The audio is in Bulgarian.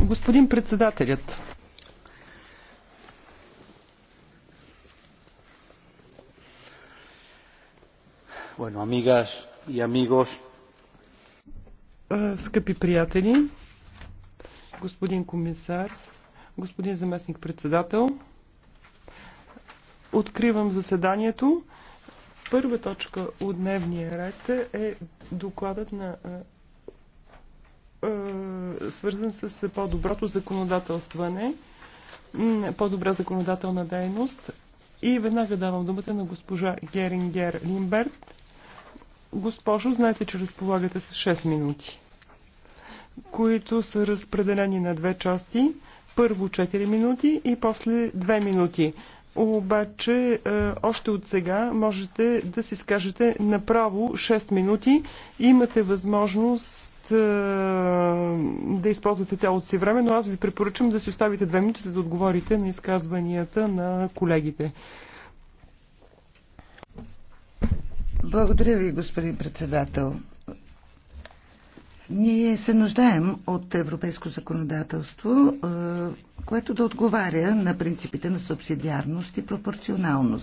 Господин председателят. Скъпи приятели, господин комисар, господин заместник председател, откривам заседанието. Първа точка от дневния ред е докладът на е, свързан с по-доброто законодателстване, по-добра законодателна дейност. И веднага давам думата на госпожа Герингер Лимберт. Госпожо, знаете, че разполагате с 6 минути, които са разпределени на две части. Първо 4 минути и после 2 минути. Обаче, е, още от сега можете да си скажете направо 6 минути. Имате възможност е, да използвате цялото си време, но аз ви препоръчам да си оставите две минути, за да отговорите на изказванията на колегите. Благодаря ви, господин председател. Ние се нуждаем от европейско законодателство, е, което да отговаря на принципите на субсидиарност и пропорционалност.